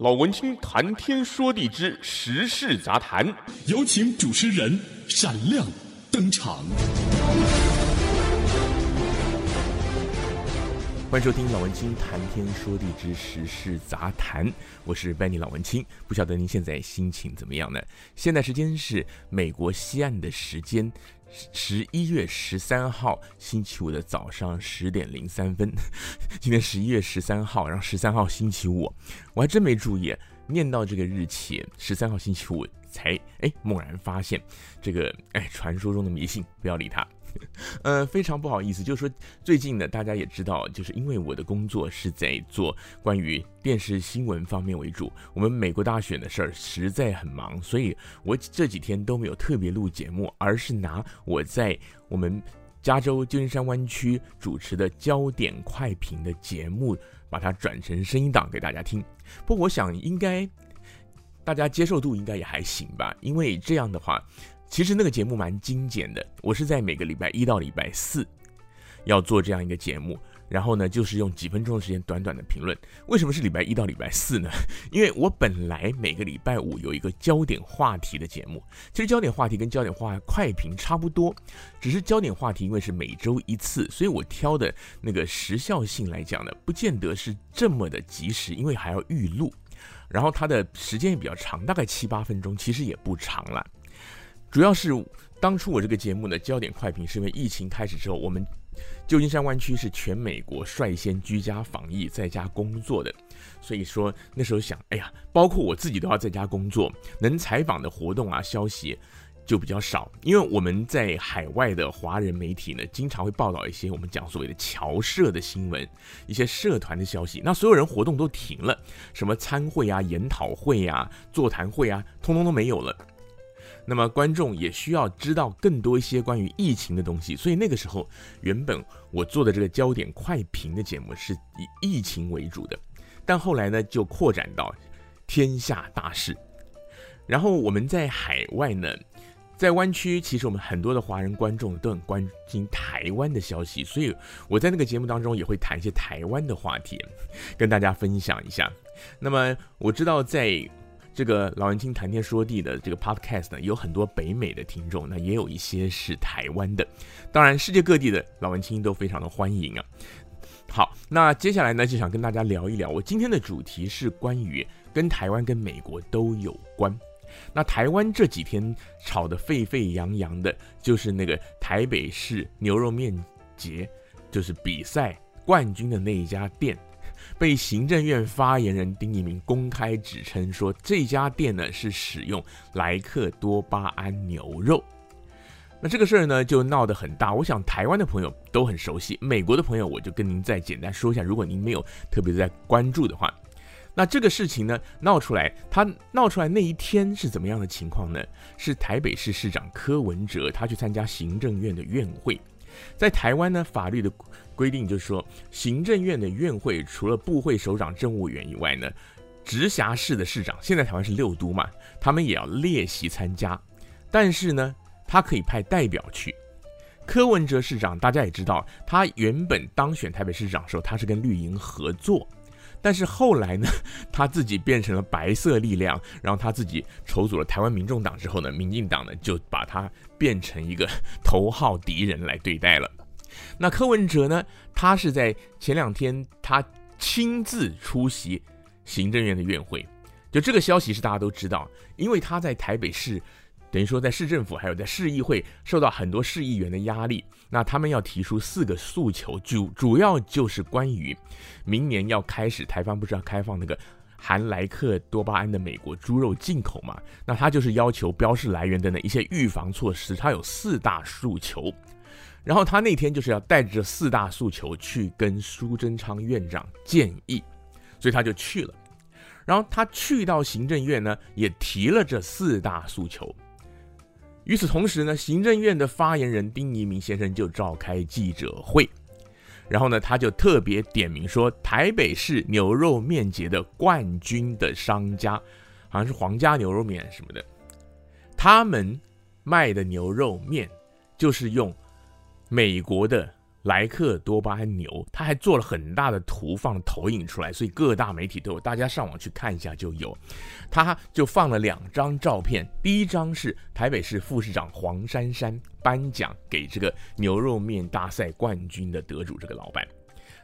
老文青談天說地之時事雜談，有請主持人閃亮登場。歡迎收聽老文青談天說地之時事雜談，我是班尼老文青。不曉得您現在心情怎麼樣呢？現在時間是美國西岸的時間，十一月十三號星期五的早上十點零三分。今天十一月十三號，然後十三號星期五，我還真沒注意、啊、念到這個日期，十三號星期五才哎猛然發現這個哎傳說中的迷信，不要理他。呃，非常不好意思，就是說最近呢，大家也知道，就是因為我的工作是在做關於電視新聞方面為主，我們美國大選的事兒實在很忙，所以我這幾天都沒有特別錄節目，而是拿我在我們加州舊金山灣區主持的《焦點快評》的節目，把它轉成聲音檔給大家聽。不過我想應該大家接受度應該也還行吧，因為這樣的話。其實那個節目蠻精簡的，我是在每個禮拜一到禮拜四要做這樣一個節目，然後呢就是用幾分鐘的時間，短短的評論。為什麼是禮拜一到禮拜四呢？因為我本來每個禮拜五有一個焦點話題的節目，其實焦點話題跟焦點話快評差不多，只是焦點話題因為是每周一次，所以我挑的那個時效性來講呢，不見得是這麼的及時，因為還要預錄，然後它的時間也比較長，大概七八分鐘，其實也不長了。主要是當初我這個節目呢，《焦點快評》，是因為疫情開始之後，我們舊金山灣區是全美國率先居家防疫、在家工作的，所以說那時候想，哎呀，包括我自己都要在家工作，能採訪的活動啊、消息就比較少。因為我們在海外的華人媒體呢，經常會報道一些我們講所謂的僑社的新聞、一些社團的消息。那所有人活動都停了，什麼參會啊、研討會啊、座談會啊，通通都沒有了。那麼觀眾也需要知道更多一些關於疫情的東西，所以那個時候，原本我做的這個焦點快評的節目是以疫情為主的，但後來呢就擴展到天下大事。然後我們在海外呢，在灣區，其實我們很多的華人觀眾都很關心台灣的消息，所以我在那個節目當中也會談一些台灣的話題，跟大家分享一下。那麼我知道在這個老文青談天說地的這個 podcast 呢，有很多北美的聽眾，那也有一些是台灣的，當然世界各地的老文青都非常的歡迎啊。好，那接下來呢，就想跟大家聊一聊，我今天的主題是關於跟台灣跟美國都有關。那台灣這幾天吵得沸沸揚揚的，就是那個台北市牛肉麵節，就是比賽冠軍的那一家店。被行政院發言人丁怡銘公開指稱說，這家店呢是使用萊克多巴胺牛肉。那這個事兒呢就鬧得很大，我想台灣的朋友都很熟悉，美國的朋友我就跟您再簡單說一下。如果您沒有特別在關注的話，那這個事情呢鬧出來，他鬧出來那一天是怎麼樣的情況呢？是台北市市長柯文哲他去參加行政院的院會，在台灣呢法律的。規定就是說，行政院的院會除了部會首長政務員以外呢，直轄市的市長，現在台灣是六都嘛，他們也要列席參加。但是呢，他可以派代表去。柯文哲市長大家也知道，他原本當選台北市長的時候，他是跟綠營合作，但是後來呢，他自己變成了白色力量，然後他自己籌組了台灣民眾黨之後呢，民進黨呢就把他變成一個頭號敵人來對待了。那柯文哲呢？他是在前兩天他親自出席行政院的院會，就這個消息是大家都知道，因為他在台北市，等於說在市政府還有在市議會受到很多市議員的壓力，那他們要提出四個訴求，主主要就是關於明年要開始，台灣不是要開放那個含萊克多巴胺的美國豬肉進口嘛？那他就是要求標示來源的那一些預防措施，他有四大訴求。然後他那天就是要帶着四大訴求去跟蘇貞昌院長建議，所以他就去了。然後他去到行政院呢，也提了這四大訴求。與此同時呢，行政院的發言人丁怡銘先生就召開記者會，然後呢，他就特別點名說，台北市牛肉麵節的冠軍的商家，好像是皇家牛肉麵什麼的，他們賣的牛肉麵就是用。美國的萊克多巴胺牛，他還做了很大的圖，放了投影出來，所以各大媒體都有，大家上網去看一下就有。他就放了兩張照片，第一張是台北市副市長黃珊珊頒獎給這個牛肉麵大賽冠軍的得主這個老闆，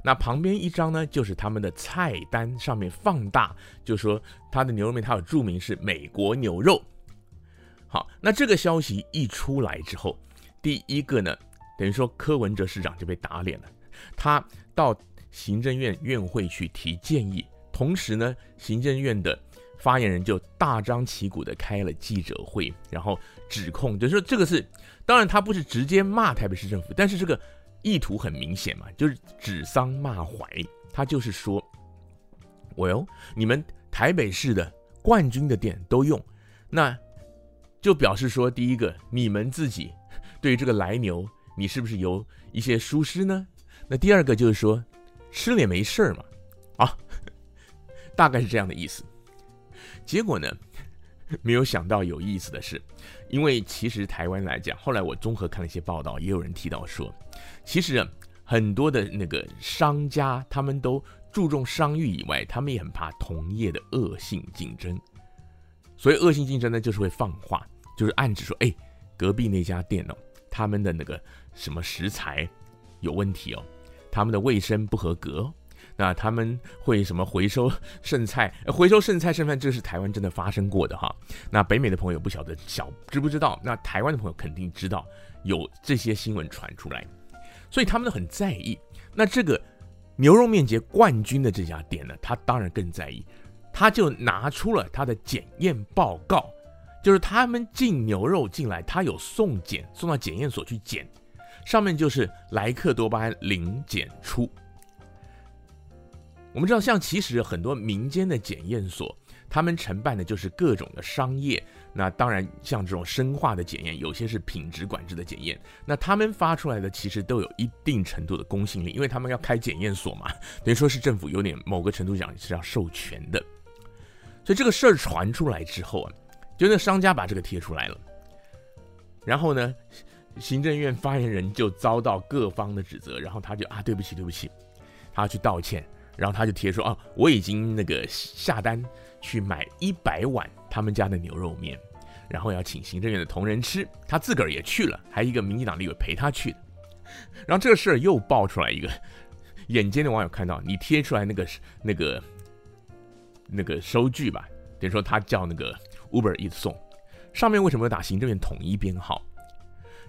那旁邊一張呢，就是他們的菜單上面放大，就說他的牛肉麵他有註明是美國牛肉。好，那這個消息一出來之後，第一個呢。等於說柯文哲市長就被打臉了，他到行政院院會去提建議，同時呢，行政院的發言人就大張旗鼓的開了記者會，然後指控，就說這個是，當然他不是直接罵台北市政府，但是這個意圖很明顯嘛，就是指桑罵槐，他就是說，我喲，你們台北市的冠軍的店都用，那就表示說，第一個你們自己對於這個萊牛，你是不是有一些疏失呢？那第二個就是說，吃了也沒事兒嘛，啊，大概是這樣的意思。結果呢，沒有想到有意思的是，因為其實台灣來講，後來我綜合看了一些報道，也有人提到說，其實啊，很多的那個商家，他們都注重商譽以外，他們也很怕同業的惡性競爭，所以惡性競爭呢，就是會放話，就是暗指說，哎，隔壁那家店呢。他們的那個什麼食材有問題哦，他們的衛生不合格。那他們會什麼回收剩菜，回收剩菜剩飯，這是台灣真的發生過的哈。那北美的朋友不曉得小、小知不知道？那台灣的朋友肯定知道有這些新聞傳出來，所以他們都很在意。那這個牛肉麵節冠軍的這家店呢，他當然更在意，他就拿出了他的檢驗報告。就是他們進牛肉進來，他有送檢，送到檢驗所去檢，上面就是萊克多巴胺零檢出。我們知道，像其實有很多民間的檢驗所，他們承辦的就是各種的商業。那當然，像這種生化的檢驗，有些是品質管制的檢驗，那他們發出來的其實都有一定程度的公信力，因為他們要開檢驗所嘛，等於說是政府有點某個程度講是要授權的。所以這個事兒傳出來之後啊。就那商家把這個貼出來了，然後呢，行政院發言人就遭到各方的指責，然後他就啊，對不起對不起，他要去道歉，然後他就貼說啊，我已經那個下單去買一百碗他們家的牛肉麵，然後要請行政院的同仁吃，他自個兒也去了，還有一個民進黨立委陪他去的，然後這個事又爆出來一個，眼尖的網友看到你貼出來那個那個那個收據吧，等於說他叫那個。Uber Eats 送，上面為什麼要打行政院統一編號？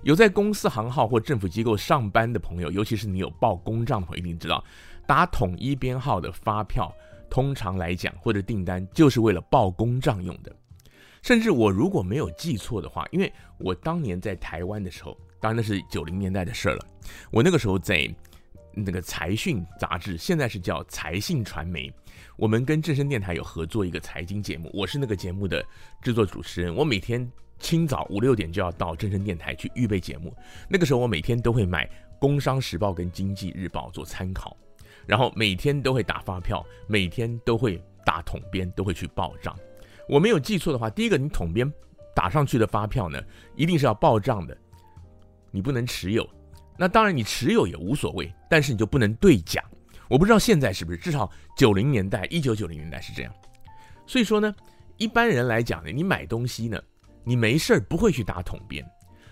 有在公司行號或政府機構上班的朋友，尤其是你有報公賬的朋友，友一定知道，打統一編號的發票，通常來講或者訂單，就是為了報公賬用的。甚至我如果沒有記錯的話，因為我當年在台灣的時候，當然那是九零年代的事了，我那個時候在那個財訊雜誌，現在是叫財信傳媒。我們跟正聲電台有合作一個財經節目，我是那個節目的製作主持人。我每天清早五六點就要到正聲電台去預備節目。那個時候我每天都會買《工商時報》跟《經濟日報》做參考，然後每天都會打發票，每天都會打統編，都會去報賬。我沒有記錯的話，第一個你統編打上去的發票呢，一定是要報賬的，你不能持有。那當然你持有也無所謂，但是你就不能兌獎。我不知道現在是不是，至少九零年代，一九九零年代是這樣。所以說呢，一般人來講呢，你買東西呢，你沒事兒不會去打統編，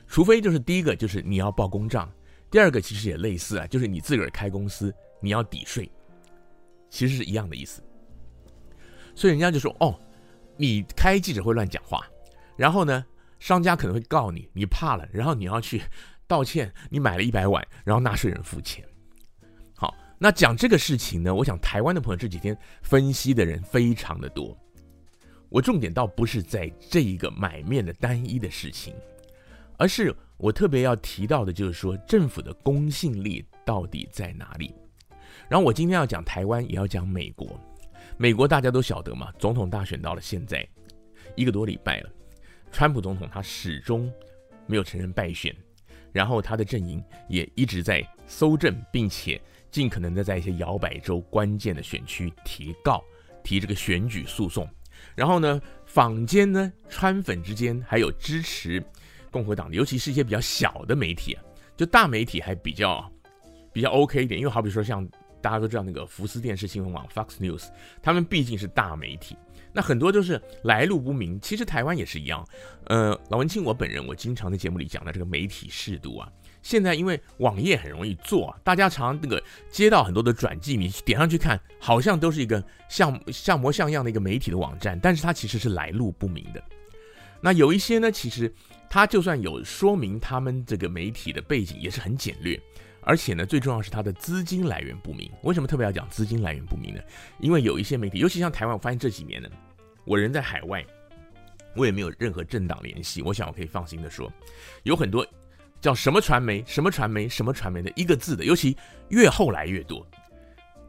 除非就是第一個就是你要報公賬，第二個其實也類似啊，就是你自個兒開公司，你要抵稅，其實是一樣的意思。所以人家就說哦，你開記者會亂講話，然後呢，商家可能會告你，你怕了，然後你要去道歉，你買了一百碗，然後納稅人付錢。那講這個事情呢，我想台灣的朋友這幾天分析的人非常的多。我重點倒不是在這一個賣麵的單一的事情，而是我特別要提到的，就是說政府的公信力到底在哪裡？然後我今天要講台灣，也要講美國。美國大家都曉得嘛，總統大選到了現在一個多禮拜了，川普總統他始終沒有承認敗選。然後他的陣營也一直在搜證，並且盡可能的在一些搖擺州關鍵的選區提告，提這個選舉訴訟。然後呢，坊間呢，川粉之間還有支持共和黨的，尤其是一些比較小的媒體，就大媒體還比較比較 OK 一點，因為好比說像大家都知道那個福斯電視新聞網 Fox News，他們畢竟是大媒體。那很多就是來路不明，其實台灣也是一樣。呃，老文青，我本人我經常在節目裡講的這個媒體適度啊，現在因為網頁很容易做，大家常那個接到很多的轉寄，你點上去看，好像都是一個像像模像樣的一個媒體的網站，但是它其實是來路不明的。那有一些呢，其實它就算有說明他們這個媒體的背景，也是很簡略，而且呢，最重要是它的資金來源不明。為什麼特別要講資金來源不明呢？因為有一些媒體，尤其像台灣，我發現這幾年呢。我人在海外，我也沒有任何政黨聯繫。我想我可以放心地說，有很多叫什麼傳媒、什麼傳媒、什麼傳媒的一個字的，尤其越後來越多。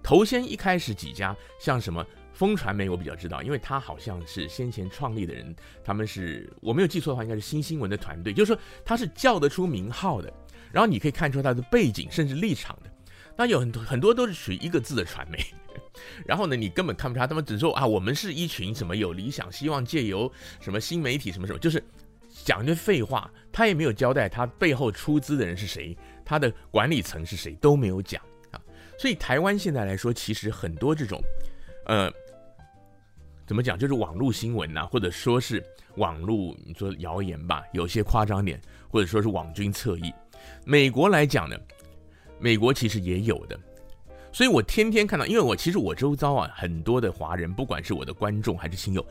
頭先一開始幾家，像什麼風傳媒，我比較知道，因為他好像是先前創立的人，他們是，我沒有記錯的話，應該是新新聞的團隊，就是說他是叫得出名號的，然後你可以看出他的背景甚至立場的。那有很多很多都是屬於一個字的傳媒，然後呢，你根本看不出來，他們只說啊，我們是一群什麼有理想，希望借由什麼新媒體什麼什麼，就是講一句廢話，他也沒有交代他背後出資的人是誰，他的管理層是誰都沒有講啊。所以台灣現在來說，其實很多這種，呃，怎麼講，就是網絡新聞吶，或者說是網絡你說謠言吧，有些誇張點，或者說是網軍側翼。美國來講呢？美國其實也有的，所以我天天看到。因為我其實我周遭，啊很多的華人，不管是我的觀眾還是親友，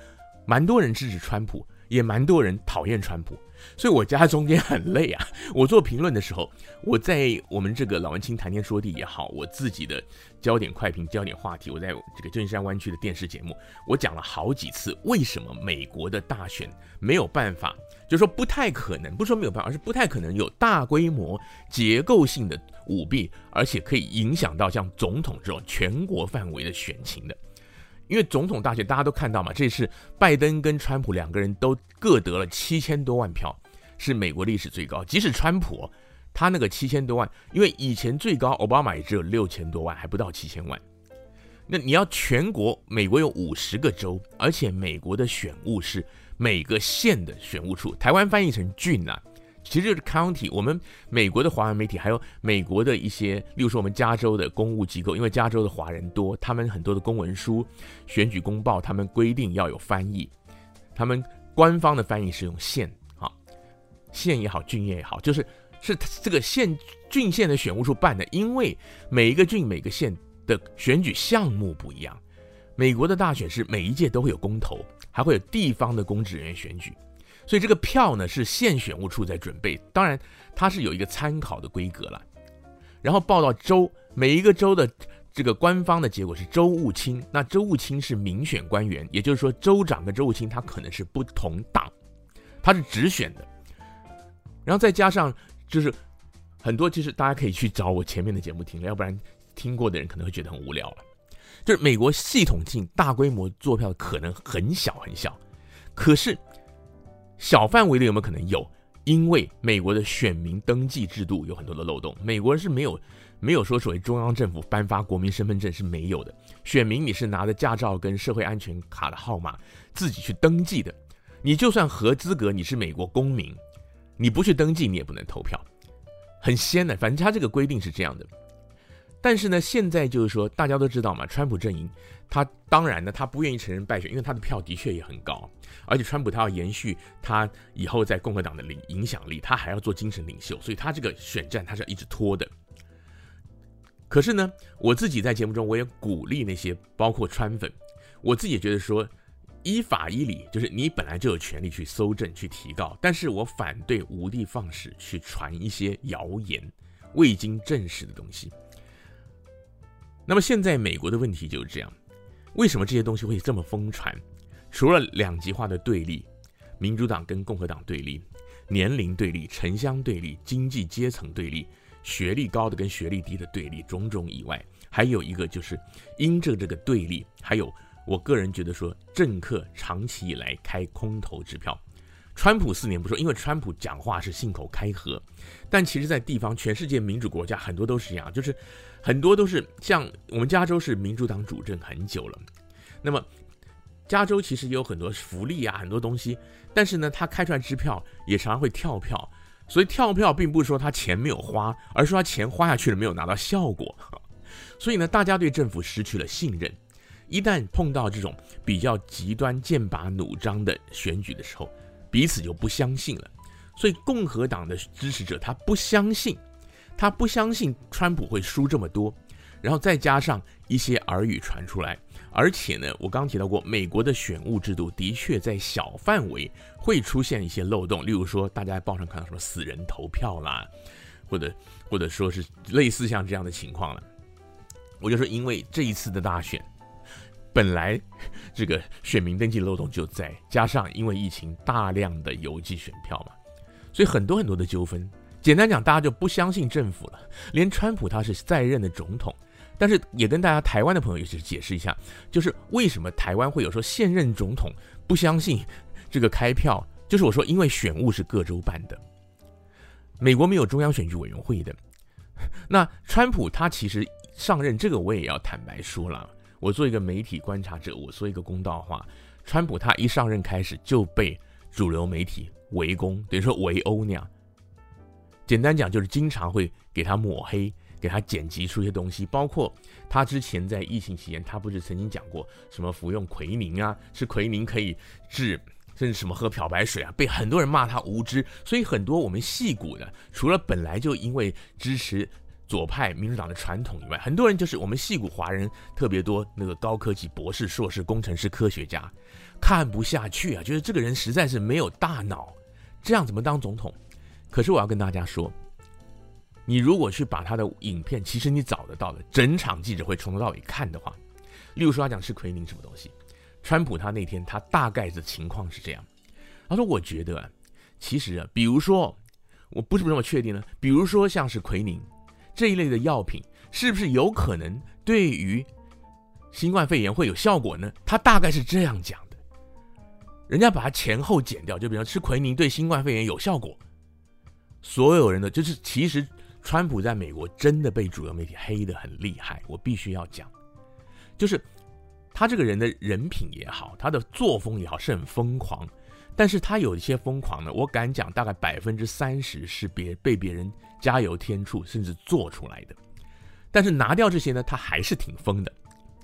蠻多人支持川普。也蠻多人討厭川普，所以我夾中間很累啊。我做評論的時候，我在我們這個老文青談天說地也好，我自己的焦點快評、焦點話題，我在這個正山灣區的電視節目，我講了好幾次為什麼美國的大選沒有辦法，就說不太可能，不說沒有辦法，而是不太可能有大規模結構性的舞弊，而且可以影響到像總統這種全國範圍的選情的。因為總統大選，大家都看到嘛，這次拜登跟川普兩個人都各得了七千多萬票，是美國歷史最高。即使川普他那個七千多萬，因為以前最高奧巴馬也只有六千多萬，還不到七千萬。那你要全國，美國有五十個州，而且美國的選務是每個縣的選務處，台灣翻譯成郡啊。其實就是 County，我們美國的華文媒體，還有美國的一些，例如說我們加州的公務機構，因為加州的華人多，他們很多的公文書、選舉公報，他們規定要有翻譯。他們官方的翻譯是用縣，啊，縣也好，郡也好，就是是這個縣、郡縣的選務處辦的，因為每一個郡、每個縣的選舉項目不一樣。美國的大選是每一屆都會有公投，還會有地方的公職人員選舉。所以這個票呢，是縣選務處在準備，當然它是有一個參考的規格了，然後報到州，每一個州的這個官方的結果是州務卿，那州務卿是民選官員，也就是說州長跟州務卿他可能是不同黨，他是直選的，然後再加上就是很多，其實大家可以去找我前面的節目聽了，要不然聽過的人可能會覺得很無聊了，就是美國系統性大規模做票可能很小很小，可是。小範圍的有沒有可能有？因為美國的選民登記制度有很多的漏洞，美國人是沒有沒有說，所謂中央政府頒發國民身份證是沒有的。選民，你是拿着駕照跟社會安全卡的號碼自己去登記的。你就算合資格，你是美國公民，你不去登記你也不能投票，很鮮的。反正他這個規定是這樣的。但是呢，現在就是說大家都知道嘛，川普陣營他當然呢他不願意承認敗選，因為他的票的確也很高。而且川普他要延續他以後在共和黨的領影響力，他還要做精神領袖，所以他這個選戰他是要一直拖的。可是呢，我自己在節目中我也鼓勵那些包括川粉，我自己也覺得說，依法依理就是你本來就有權利去蒐證去提告，但是我反對無的放矢去傳一些謠言未經證實的東西。那麼現在美國的問題就是這樣，為什麼這些東西會這麼瘋傳？除了兩極化的對立，民主黨跟共和黨對立，年齡對立，城鄉對立，經濟階層對立，學歷高的跟學歷低的對立，種種以外，還有一個就是英政這個對立。還有，我個人覺得說，政客長期以來開空頭支票。川普四年不說，因為川普講話是信口開河，但其實，在地方，全世界民主國家很多都是一樣，就是很多都是像我們加州是民主黨主政很久了，那麼。加州其實也有很多福利啊，很多東西，但是呢，他開出來支票也常常會跳票，所以跳票並不是說他錢沒有花，而是說他錢花下去了沒有拿到效果。所以呢，大家對政府失去了信任。一旦碰到這種比較極端、劍拔弩張的選舉的時候，彼此就不相信了。所以共和黨的支持者他不相信，他不相信川普會輸這麼多，然後再加上一些耳語傳出來。而且呢，我剛提到過，美國的選務制度的確在小範圍會出現一些漏洞，例如說，大家在報上看到什麼死人投票啦，或者或者說是類似像這樣的情況了。我就說，因為這一次的大選，本來這個選民登記漏洞就在，加上因為疫情大量的郵寄選票嘛，所以很多很多的糾紛。簡單講，大家就不相信政府了，連川普他是在任的總統。但是也跟大家台灣的朋友一起解釋一下，就是為什麼台灣會有說現任總統不相信這個開票？就是我說，因為選務是各州辦的，美國沒有中央選舉委員會的。那川普他其實上任這個我也要坦白說了，我做一個媒體觀察者，我說一個公道話，川普他一上任開始就被主流媒體圍攻，等於說圍毆那樣。簡單講就是經常會給他抹黑。給他剪輯出一些東西，包括他之前在疫情期間，他不是曾經講過什麼服用奎寧啊，是奎寧可以治，甚至什麼喝漂白水啊，被很多人罵他無知。所以很多我們矽谷的，除了本來就因為支持左派民主黨的傳統以外，很多人就是我們矽谷華人特別多，那個高科技博士、碩士、工程師、科學家看不下去啊，覺得這個人實在是沒有大腦，這樣怎麼當總統？可是我要跟大家說。你如果去把他的影片，其實你找得到的整場記者會從頭到尾看的話，例如說他講吃奎寧什麼東西，川普他那天他大概的情況是這樣，他說我覺得其實啊，比如說我不是這麼確定呢，比如說像是奎寧這一類的藥品是不是有可能對於新冠肺炎會有效果呢？他大概是這樣講的，人家把它前後剪掉，就比如說吃奎寧對新冠肺炎有效果，所有人的就是其實。川普在美國真的被主流媒體黑得很厲害，我必須要講，就是他這個人的人品也好，他的作風也好，是很瘋狂。但是他有一些瘋狂呢，我敢講大概百分之三十是別被別人加油添醋，甚至做出來的。但是拿掉這些呢，他還是挺瘋的。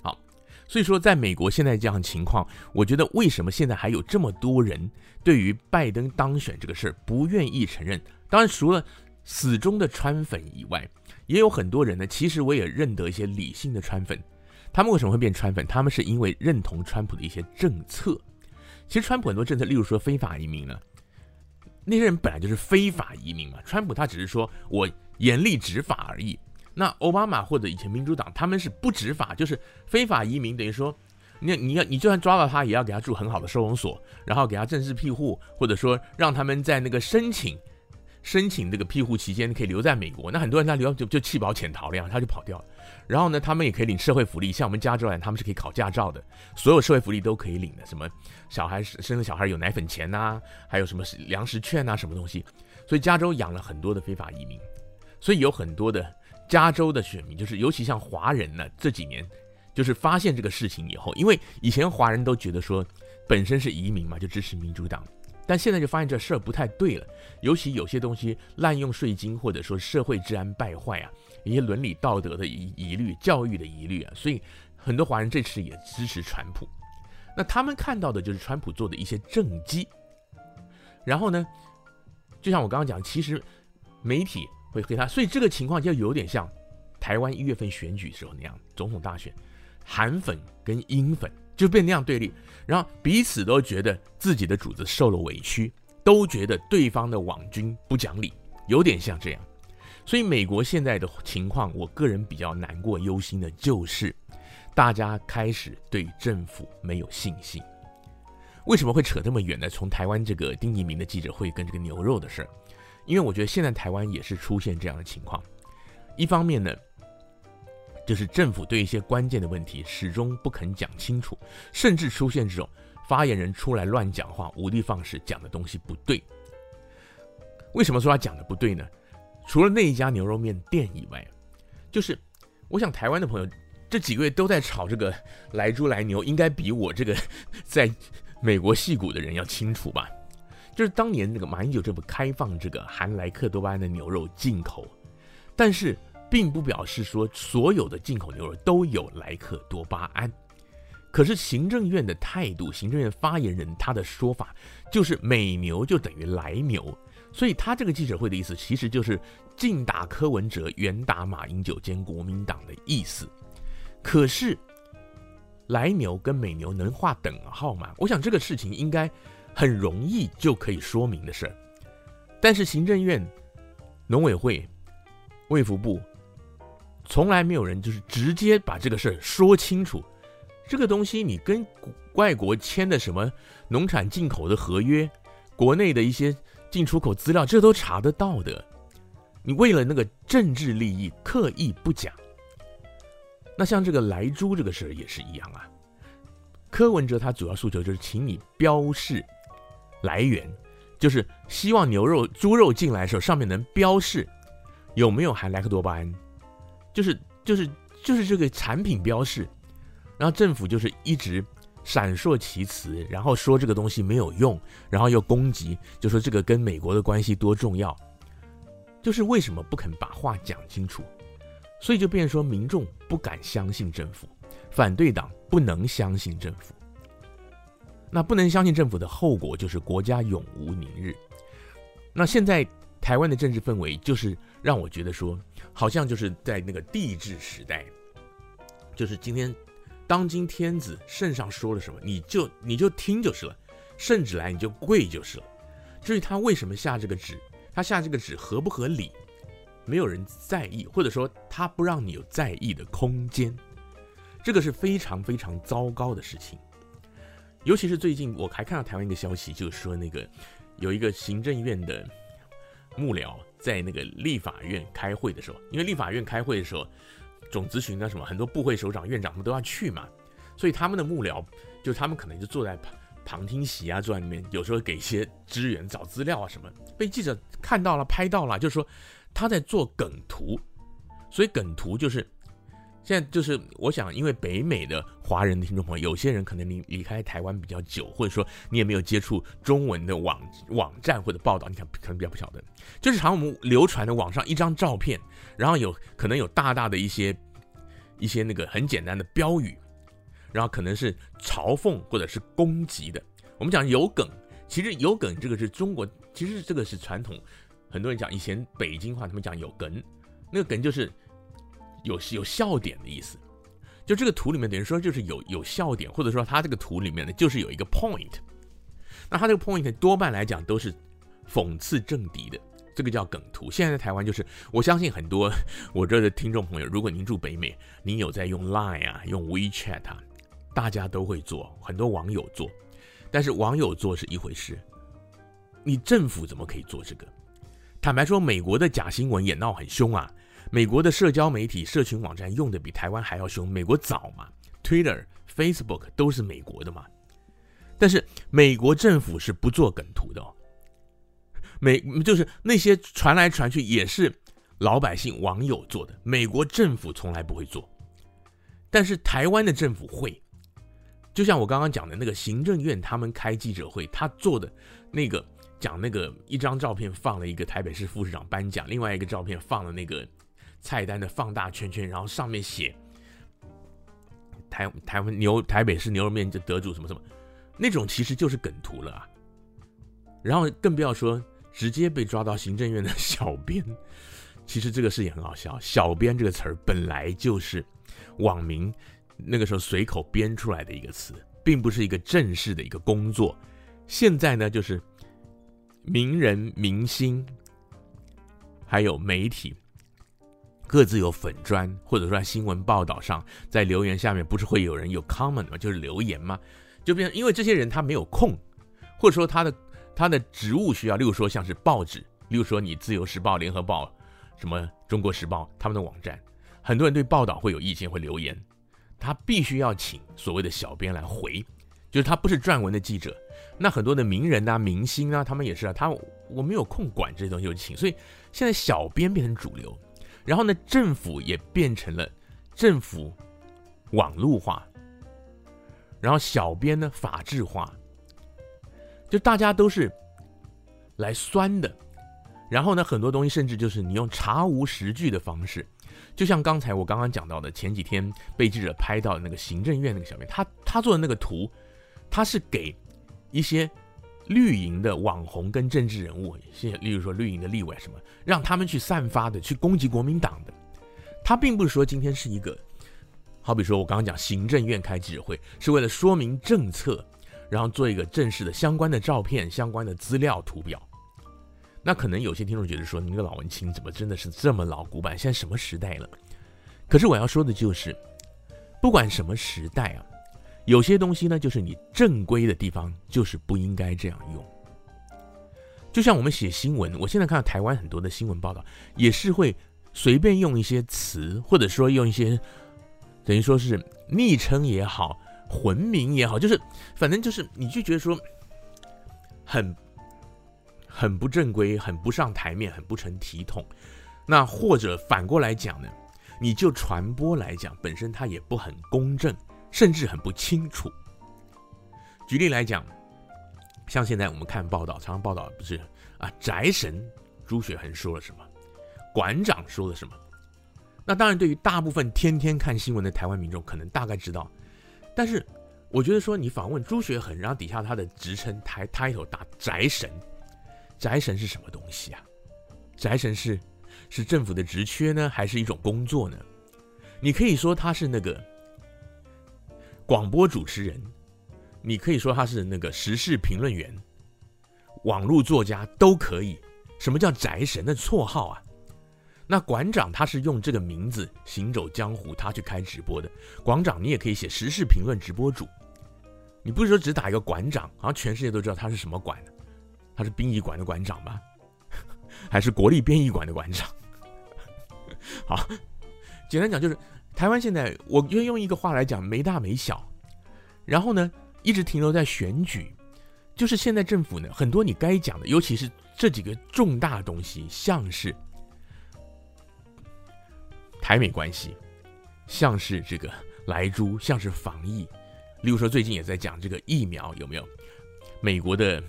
好，所以說在美國現在這樣的情況，我覺得為什麼現在還有這麼多人對於拜登當選這個事兒不願意承認？當然，除了。死忠的川粉以外，也有很多人呢。其實我也認得一些理性的川粉。他們為什麼會變川粉？他們是因為認同川普的一些政策。其實川普很多政策，例如說非法移民呢，那些人本來就是非法移民嘛。川普他只是說我嚴厲執法而已。那奧巴馬或者以前民主黨，他們是不執法，就是非法移民等於說，你你要你就算抓到他，也要給他住很好的收容所，然後給他政治庇護，或者說讓他們在那個申請。申請這個庇護期間可以留在美國，那很多人他留就就棄保潛逃了呀，他就跑掉了。然後呢，他們也可以領社會福利，像我們加州人，他們是可以考駕照的，所有社會福利都可以領的，什麼小孩生了小孩有奶粉錢吶、啊，還有什麼糧食券啊，什麼東西。所以加州養了很多的非法移民，所以有很多的加州的選民，就是尤其像華人呢，這幾年就是發現這個事情以後，因為以前華人都覺得說本身是移民嘛，就支持民主黨。但現在就發現這事兒不太對了，尤其有些東西濫用稅金，或者說社會治安敗壞啊，一些倫理道德的疑疑慮、教育的疑慮啊，所以很多華人這次也支持川普。那他們看到的就是川普做的一些政績，然後呢，就像我剛剛講，其實媒體會黑他，所以這個情況就有點像台灣一月份選舉時候那樣，總統大選，韓粉跟英粉。就變那樣對立，然後彼此都覺得自己的主子受了委屈，都覺得對方的網軍不講理，有點像這樣。所以美國現在的情況，我個人比較難過憂心的就是，大家開始對政府沒有信心。為什麼會扯這麼遠呢？從台灣這個丁怡銘的記者會跟這個牛肉的事兒，因為我覺得現在台灣也是出現這樣的情況。一方面呢。就是政府對一些關鍵的問題始終不肯講清楚，甚至出現這種發言人出來亂講話、無的放矢，講的東西不對。為什麼說他講的不對呢？除了那一家牛肉麵店以外，就是我想台灣的朋友這幾個月都在炒這個萊豬萊牛，應該比我這個在美國戲骨的人要清楚吧？就是當年那個馬英九這麼開放這個含萊克多巴胺的牛肉進口，但是。並不表示說所有的進口牛肉都有萊克多巴胺。可是行政院的態度，行政院發言人他的說法就是美牛就等於萊牛，所以他這個記者會的意思其實就是近打柯文哲，遠打馬英九兼國民黨的意思。可是萊牛跟美牛能劃等號嗎？我想這個事情應該很容易就可以說明的事兒。但是行政院、農委會、衛福部。從來沒有人就是直接把這個事兒說清楚。這個東西，你跟外國簽的什麼農產進口的合約，國內的一些進出口資料，這都查得到的。你為了那個政治利益刻意不講。那像這個萊豬這個事兒也是一樣啊。柯文哲他主要訴求就是請你標示來源，就是希望牛肉、豬肉進來的時候上面能標示有沒有含萊克多巴胺。就是就是就是這個產品標示，然後政府就是一直閃爍其詞，然後說這個東西沒有用，然後又攻擊，就說這個跟美國的關係多重要，就是為什麼不肯把話講清楚，所以就變成說民眾不敢相信政府，反對黨不能相信政府。那不能相信政府的後果就是國家永無寧日。那現在台灣的政治氛圍就是讓我覺得說。好像就是在那個帝制時代，就是今天當今天子聖上說了什麼，你就你就聽就是了，聖旨來你就跪就是了。至於他為什麼下這個旨，他下這個旨合不合理，沒有人在意，或者說他不讓你有在意的空間，這個是非常非常糟糕的事情。尤其是最近我還看到台灣一個消息，就是說那個有一個行政院的幕僚。在那個立法院開會的時候，因為立法院開會的時候總質詢的什麼，很多部會首長、院長他們都要去嘛，所以他們的幕僚就他們可能就坐在旁旁聽席啊，坐在裡面，有時候給一些支援找資料啊什麼，被記者看到了拍到了，就是說他在做梗圖，所以梗圖就是。現在就是我想，因為北美的華人的聽眾朋友，有些人可能離離開台灣比較久，或者說你也沒有接觸中文的網網站或者報道，你看可能比較不曉得。就是常我們流傳的網上一張照片，然後有可能有大大的一些一些那個很簡單的標語，然後可能是嘲諷或者是攻擊的。我們講有梗，其實有梗這個是中國，其實這個是傳統。很多人講以前北京話，他們講有梗，那個梗就是。有有笑點的意思，就這個圖裡面等於說就是有有笑點，或者說它這個圖裡面呢就是有一個 point，那它這個 point 多半來講都是諷刺政敵的，這個叫梗圖。現在在台灣就是，我相信很多我這兒的聽眾朋友，如果您住北美，您有在用 Line 啊，用 WeChat 啊，大家都會做，很多網友做，但是網友做是一回事，你政府怎麼可以做這個？坦白說，美國的假新聞也鬧很凶啊。美國的社交媒體、社群網站用的比台灣還要凶。美國早嘛，Twitter、Facebook 都是美國的嘛。但是美國政府是不做梗圖的哦。美。美就是那些傳來傳去也是老百姓網友做的，美國政府從來不會做。但是台灣的政府會，就像我剛剛講的那個行政院，他們開記者會，他做的那個，講那個，一張照片放了一個台北市副市長頒獎，另外一個照片放了那個。菜單的放大圈圈，然後上面寫“台台灣牛台北市牛肉麵”就得主什麼什麼，那種其實就是梗圖了啊。然後更不要說直接被抓到行政院的小編，其實這個事情很好笑。小編這個詞本來就是網民那個時候隨口編出來的一個詞，並不是一個正式的一個工作。現在呢，就是名人、明星，還有媒體。各自有粉專，或者說在新聞報道上，在留言下面不是會有人有 comment 嗎？就是留言嗎？就變成，因為這些人他沒有空，或者說他的他的職務需要，例如說像是報紙，例如說你自由時報、聯合報、什麼中國時報他們的網站，很多人對報道會有意見，會留言，他必須要請所謂的小編來回，就是他不是撰文的記者。那很多的名人吶、啊、明星啊，他們也是啊，他我沒有空管這些東西，就請。所以現在小編變成主流。然後呢，政府也變成了政府網絡化，然後小編呢法制化，就大家都是來酸的，然後呢，很多東西甚至就是你用查無實據的方式，就像剛才我剛剛講到的，前幾天被記者拍到的那個行政院那個小編，他他做的那個圖，他是給一些綠營的網紅跟政治人物，謝，例如說綠營的立委什麼，讓他們去散發的去攻擊國民黨的。他並不是說今天是一個，好比說我剛剛講行政院開記者會是為了說明政策，然後做一個正式的相關的照片、相關的資料圖表。那可能有些聽眾覺得說，你個老文青怎麼真的是這麼老古板？現在什麼時代了？可是我要說的就是，不管什麼時代啊。有些東西呢，就是你正規的地方，就是不應該這樣用。就像我們寫新聞，我現在看到台灣很多的新聞報道，也是會隨便用一些詞，或者說用一些等於說是昵稱也好、諢名也好，就是反正就是你就覺得說很很不正規、很不上台面、很不成體統。那或者反過來講呢，你就傳播來講，本身它也不很公正。甚至很不清楚。舉例來講，像現在我們看報道，常常報道不是啊，宅神朱學恆說了什麼，館長說了什麼。那當然，對於大部分天天看新聞的台灣民眾，可能大概知道。但是，我覺得說你訪問朱學恆，然後底下他的職稱，抬抬頭打宅神，宅神是什麼東西啊？宅神是是政府的職缺呢，還是一種工作呢？你可以說他是那個。廣播主持人，你可以說他是那個時事評論員、網絡作家都可以。什麼叫宅神的綽號啊？那館長他是用這個名字行走江湖，他去開直播的。館長，你也可以寫時事評論直播主。你不是說只打一個館長，好像全世界都知道他是什麼館？他是殯儀館的館長吧？還是國立殯儀館的館長？好，簡單講就是。台灣現在，我就用一個話來講，沒大沒小，然後呢，一直停留在選舉，就是現在政府呢，很多你該講的，尤其是這幾個重大東西，像是台美關係，像是這個萊豬，像是防疫，例如說最近也在講這個疫苗有沒有，美國的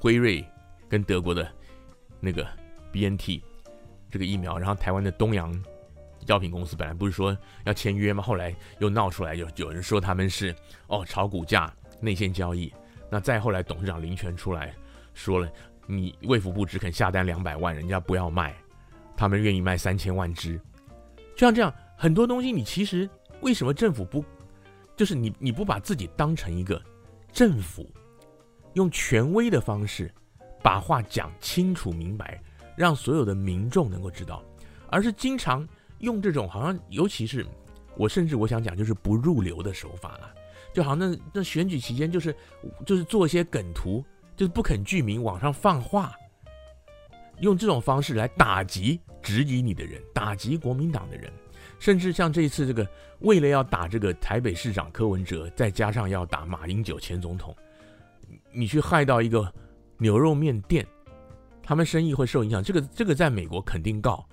輝瑞跟德國的那個 BNT 這個疫苗，然後台灣的東洋。藥品公司本來不是說要簽約嗎？後來又鬧出來，有有人說他們是哦炒股價、內線交易。那再後來，董事長林全出來說了：“你衛福部只肯下單兩百萬，人家不要賣，他們願意賣三千萬隻。”就像這樣，很多東西你其實為什麼政府不？就是你你不把自己當成一個政府，用權威的方式把話講清楚明白，讓所有的民眾能夠知道，而是經常。用這種好像，尤其是我甚至我想講，就是不入流的手法了，就好像那那選舉期間，就是就是做一些梗圖，就是不肯具名網上放話，用這種方式來打擊質疑你的人，打擊國民黨的人，甚至像這一次這個為了要打這個台北市長柯文哲，再加上要打馬英九前總統，你去害到一個牛肉麵店，他們生意會受影響，這個這個在美國肯定告。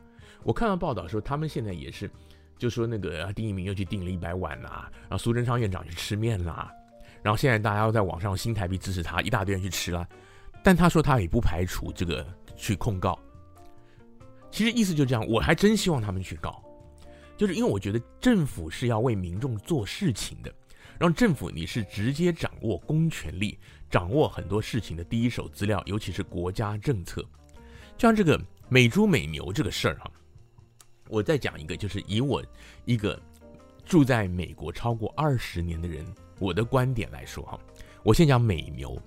我看到報道說，他們現在也是，就說那個丁怡銘又去訂了一百碗啦、啊，然後蘇貞昌院長去吃麵啦、啊，然後現在大家又在網上新台幣支持他，一大堆人去吃了，但他說他也不排除這個去控告，其實意思就這樣，我還真希望他們去告，就是因為我覺得政府是要為民眾做事情的，讓政府你是直接掌握公權力，掌握很多事情的第一手資料，尤其是國家政策，就像這個美豬美牛這個事兒啊。我再講一個，就是以我一個住在美國超過二十年的人，我的觀點來說哈，我先講美牛。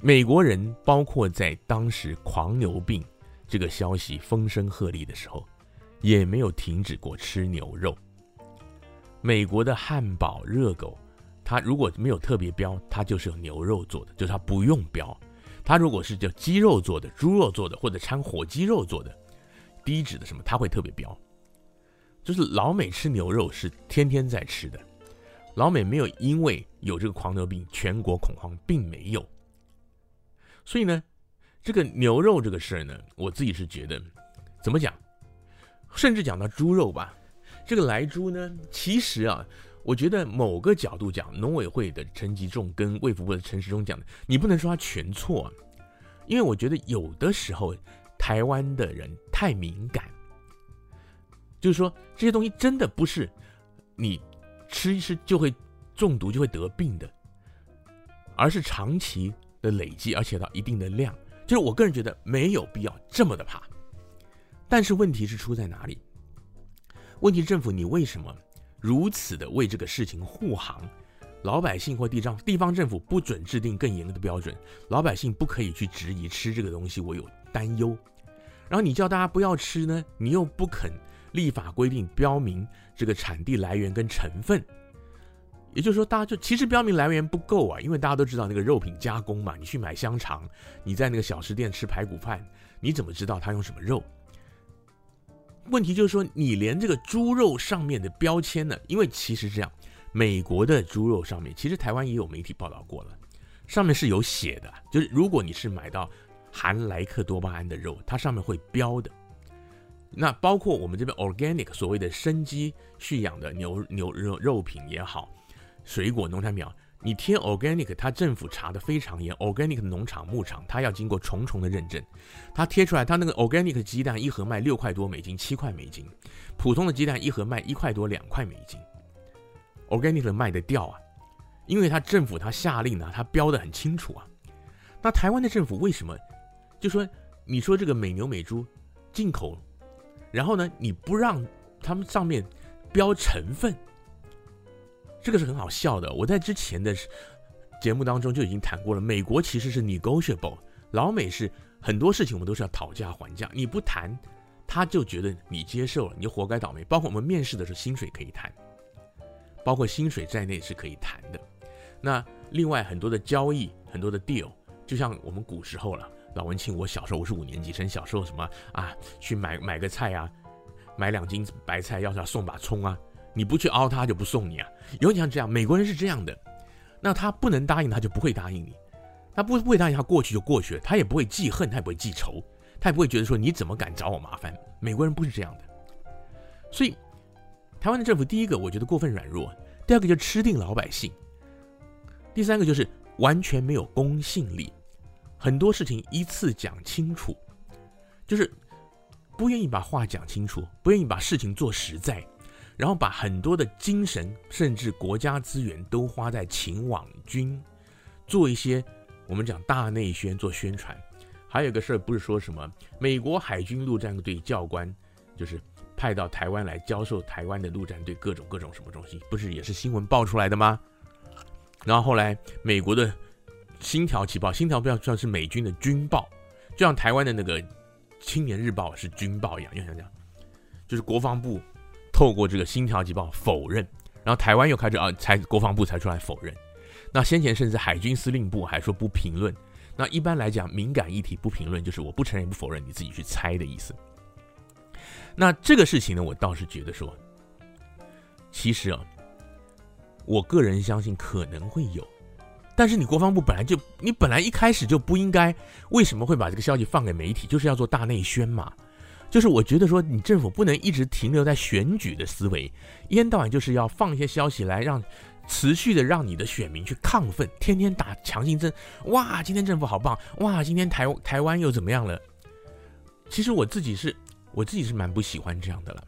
美國人包括在當時狂牛病這個消息風聲鶴唳的時候，也沒有停止過吃牛肉。美國的漢堡、熱狗，它如果沒有特別標，它就是用牛肉做的，就是它不用標。它如果是叫雞肉做的、豬肉做的，或者摻火雞肉做的。低脂的什麼，他會特別標，就是老美吃牛肉是天天在吃的，老美沒有因為有這個狂牛病全國恐慌，並沒有。所以呢，這個牛肉這個事兒呢，我自己是覺得怎麼講，甚至講到豬肉吧，這個萊豬呢，其實啊，我覺得某個角度講，農委會的陳吉仲跟衛福部的陳時中講的，你不能說他全錯、啊，因為我覺得有的時候。台灣的人太敏感，就是說這些東西真的不是你吃一吃就會中毒，就會得病的，而是長期的累積，而且到一定的量。就是我個人覺得沒有必要這麼的怕。但是問題是出在哪裡？問題是政府，你為什麼如此的為這個事情護航？老百姓或地方地方政府不准制定更嚴格的標準，老百姓不可以去質疑吃這個東西，我有擔憂。然後你叫大家不要吃呢，你又不肯立法規定標明這個產地來源跟成分，也就是說，大家就其實標明來源不夠啊，因為大家都知道那個肉品加工嘛，你去買香腸，你在那個小吃店吃排骨飯，你怎麼知道它用什麼肉？問題就是說，你連這個豬肉上面的標籤呢，因為其實這樣，美國的豬肉上面，其實台灣也有媒體報道過了，上面是有寫的，就是如果你是買到。含萊克多巴胺的肉，它上面會標的。那包括我們這邊 organic 所謂的生雞、畜養的牛牛肉肉品也好，水果、農產品，你貼 organic，它政府查得非常嚴。organic 農場、牧場，它要經過重重的認證。它貼出來，它那個 organic 雞蛋一盒賣六塊多美金，七塊美金；普通的雞蛋一盒賣一塊多，兩塊美金。organic 能賣得掉啊，因為它政府它下令呢，它標得很清楚啊。那台灣的政府為什麼？就說你說這個美牛美豬進口，然後呢，你不讓他們上面標成分，這個是很好笑的。我在之前的節目當中就已經談過了，美國其實是 negotiable，老美是很多事情我們都是要討價還價。你不談，他就覺得你接受了，你活該倒霉。包括我們面試的時候，薪水可以談，包括薪水在內是可以談的。那另外很多的交易，很多的 deal，就像我們古時候了。老文慶，我小時候我是五年級生，成小時候什麼啊去買買個菜啊，買兩斤白菜，要是要送把蔥啊，你不去凹他就不送你啊。有點像這樣，美國人是這樣的，那他不能答應，他就不會答應你，他不，不會答應他過去就過去了，他也不會記恨，他也不會記仇，他也不會覺得說你怎麼敢找我麻煩。美國人不是這樣的，所以台灣的政府，第一個我覺得過分軟弱，第二個就是吃定老百姓，第三個就是完全沒有公信力。很多事情一次講清楚，就是不願意把話講清楚，不願意把事情做實在，然後把很多的精神甚至國家資源都花在請網軍做一些我們講大內宣做宣傳。還有一個事兒，不是說什麼美國海軍陸戰隊教官就是派到台灣來教授台灣的陸戰隊各種各種什麼東西，不是也是新聞爆出來的嗎？然後後來美國的。《星條旗報》，《星條》不要像是美軍的軍報，就像台灣的那個《青年日報》是軍報一樣。就像這樣，就是國防部透過這個《星條旗報》否認，然後台灣又開始啊才國防部才出來否認。那先前甚至海軍司令部還說不評論。那一般來講，敏感議題不評論，就是我不承認、也不否認，你自己去猜的意思。那這個事情呢，我倒是覺得說，其實啊，我個人相信可能會有。但是你國防部本來就你本來一開始就不應該，為什麼會把這個消息放給媒體？就是要做大內宣嘛。就是我覺得說你政府不能一直停留在選舉的思維，一天到晚就是要放一些消息來讓持續的讓你的選民去亢奮，天天打強心針。哇，今天政府好棒！哇，今天台台灣又怎麼樣了？其實我自己是，我自己是蠻不喜歡這樣的了。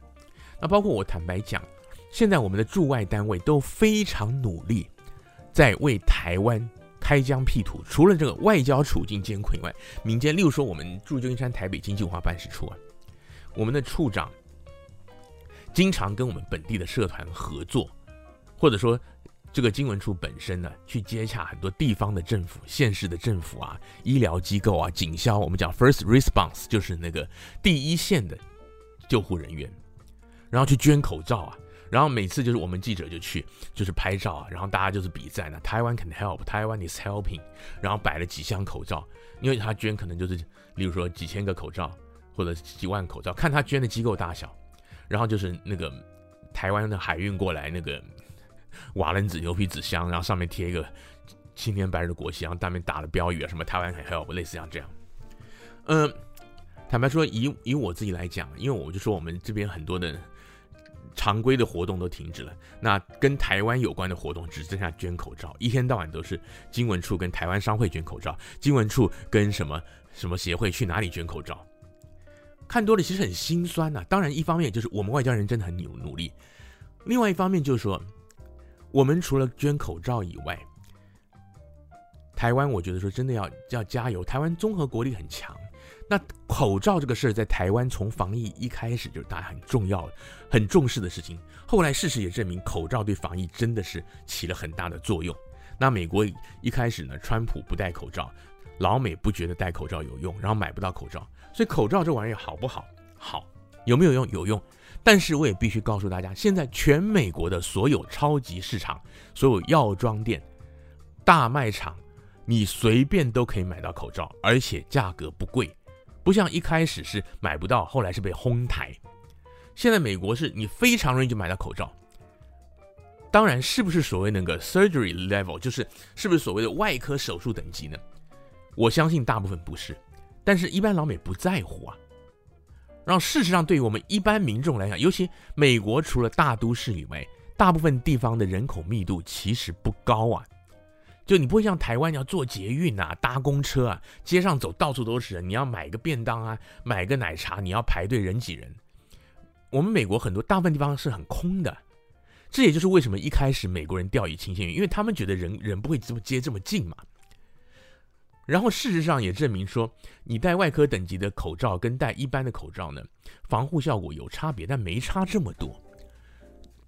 那包括我坦白講，現在我們的駐外單位都非常努力。在為台灣開疆闢土，除了這個外交處境艱困以外，民間例如說我們駐舊金山台北經濟文化辦事處啊，我們的處長經常跟我們本地的社團合作，或者說這個經文處本身呢、啊，去接洽很多地方的政府、縣市的政府啊、醫療機構啊、警消，我們講 first response 就是那個第一線的救護人員，然後去捐口罩啊。然後每次就是我們記者就去，就是拍照啊，然後大家就是比讚，呢。台灣 can help，台灣 is helping。然後擺了幾箱口罩，因為他捐可能就是，例如說幾千個口罩，或者幾萬口罩，看他捐的機構大小。然後就是那個台灣的海運過來那個瓦楞紙牛皮紙箱，然後上面貼一個青天白日的國旗，然後上面打了標語啊，什麼台灣 can help，類似像這樣。嗯、呃，坦白說，以以我自己來講，因為我就說我們這邊很多的。常規的活動都停止了，那跟台灣有關的活動只剩下捐口罩，一天到晚都是經文處跟台灣商會捐口罩，經文處跟什麼什麼協會去哪裡捐口罩，看多了其實很心酸吶、啊。當然，一方面就是我們外交人真的很努努力，另外一方面就是說，我們除了捐口罩以外，台灣我覺得說真的要要加油，台灣綜合國力很強。那口罩這個事兒，在台灣從防疫一開始就是大家很重要很重視的事情。後來事實也證明，口罩對防疫真的是起了很大的作用。那美國一開始呢，川普不戴口罩，老美不覺得戴口罩有用，然後買不到口罩。所以口罩這玩意兒好不好？好，有沒有用？有用。但是我也必須告訴大家，現在全美國的所有超級市場、所有藥妝店、大賣場。你隨便都可以買到口罩，而且價格不貴，不像一開始是買不到，後來是被哄抬。現在美國是你非常容易就買到口罩，當然是不是所謂那個 surgery level，就是是不是所謂的外科手術等級呢？我相信大部分不是，但是一般老美不在乎啊。然後事實上，對於我們一般民眾來講，尤其美國除了大都市以外，大部分地方的人口密度其實不高啊。就你不會像台灣你要坐捷運啊、搭公車啊，街上走到處都是人，你要買個便當啊、買個奶茶，你要排隊人擠人。我們美國很多大部分地方是很空的，這也就是為什麼一開始美國人掉以輕心，因為他們覺得人人不會這麼接這麼近嘛。然後事實上也證明說，你戴外科等級的口罩跟戴一般的口罩呢，防護效果有差別，但沒差這麼多。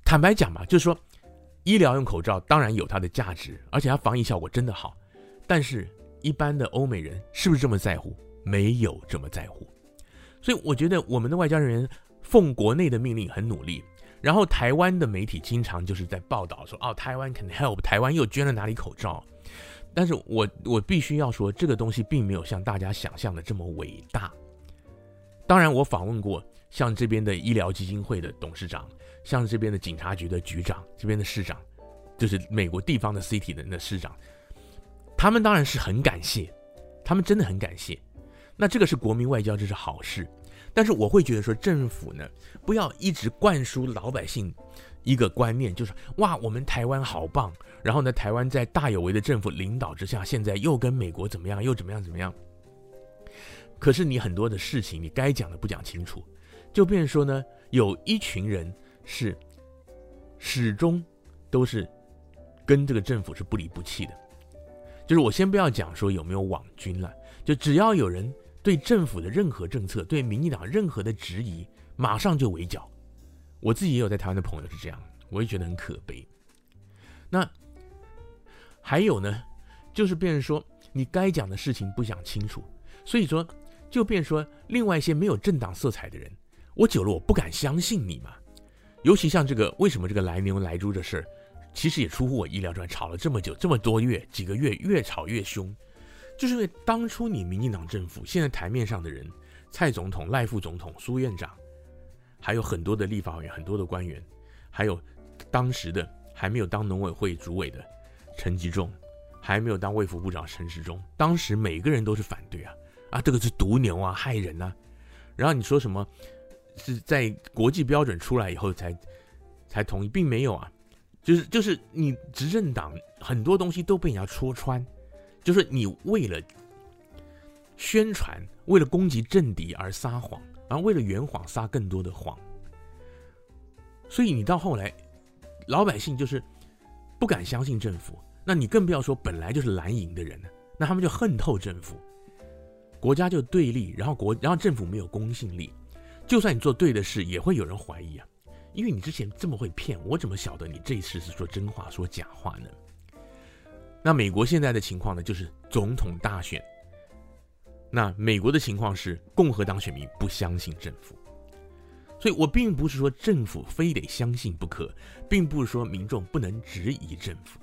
坦白講吧，就是說。醫療用口罩當然有它的價值，而且它防疫效果真的好。但是，一般的歐美人是不是這麼在乎？沒有這麼在乎。所以，我覺得我們的外交人員奉國內的命令很努力。然後，台灣的媒體經常就是在報道說：“哦，台灣 can help，台灣又捐了哪裡口罩。”但是我我必須要說，這個東西並沒有像大家想象的這麼偉大。當然，我訪問過。像這邊的醫療基金會的董事長，像這邊的警察局的局長，這邊的市長，就是美國地方的 city 的那市長，他們當然是很感謝，他們真的很感謝。那這個是國民外交，這是好事。但是我會覺得說，政府呢不要一直灌輸老百姓一個觀念，就是哇，我們台灣好棒，然後呢，台灣在大有為的政府領導之下，現在又跟美國怎麼樣，又怎麼樣怎麼樣。可是你很多的事情，你該講的不講清楚。就變說呢，有一群人是始終都是跟這個政府是不離不棄的，就是我先不要講說有沒有網軍了，就只要有人對政府的任何政策、對民進黨任何的質疑，馬上就圍剿。我自己也有在台灣的朋友是這樣，我也覺得很可悲。那還有呢，就是變成說你該講的事情不講清楚，所以說就變成說另外一些沒有政黨色彩的人，我久了，我不敢相信你嘛。尤其像這個，為什麼這個萊牛萊豬的事兒，其實也出乎我意料之外。吵了這麼久，這麼多月，幾個月越吵越凶，就是因為當初你民進黨政府現在台面上的人，蔡總統、賴副總統、蘇院長，還有很多的立法委員、很多的官員，還有當時的還沒有當農委會主委的陳吉仲，還沒有當衛福部長陳時中，當時每個人都是反對啊啊，這個是毒牛啊，害人吶、啊。然後你說什麼？是在國際標準出來以後才才同意，並沒有啊，就是就是你執政黨很多東西都被人家戳穿，就是你為了宣傳，為了攻擊政敵而撒謊，然後為了圓謊撒更多的謊，所以你到後來老百姓就是不敢相信政府。那你更不要說本來就是藍營的人，那他們就恨透政府，國家就對立，然後國然後政府沒有公信力。就算你做對的事，也會有人懷疑啊，因為你之前這麼會騙我，怎麼曉得你這一次是說真話說假話呢？那美國現在的情況呢，就是總統大選。那美國的情況是，共和黨選民不相信政府，所以我並不是說政府非得相信不可，並不是說民眾不能質疑政府，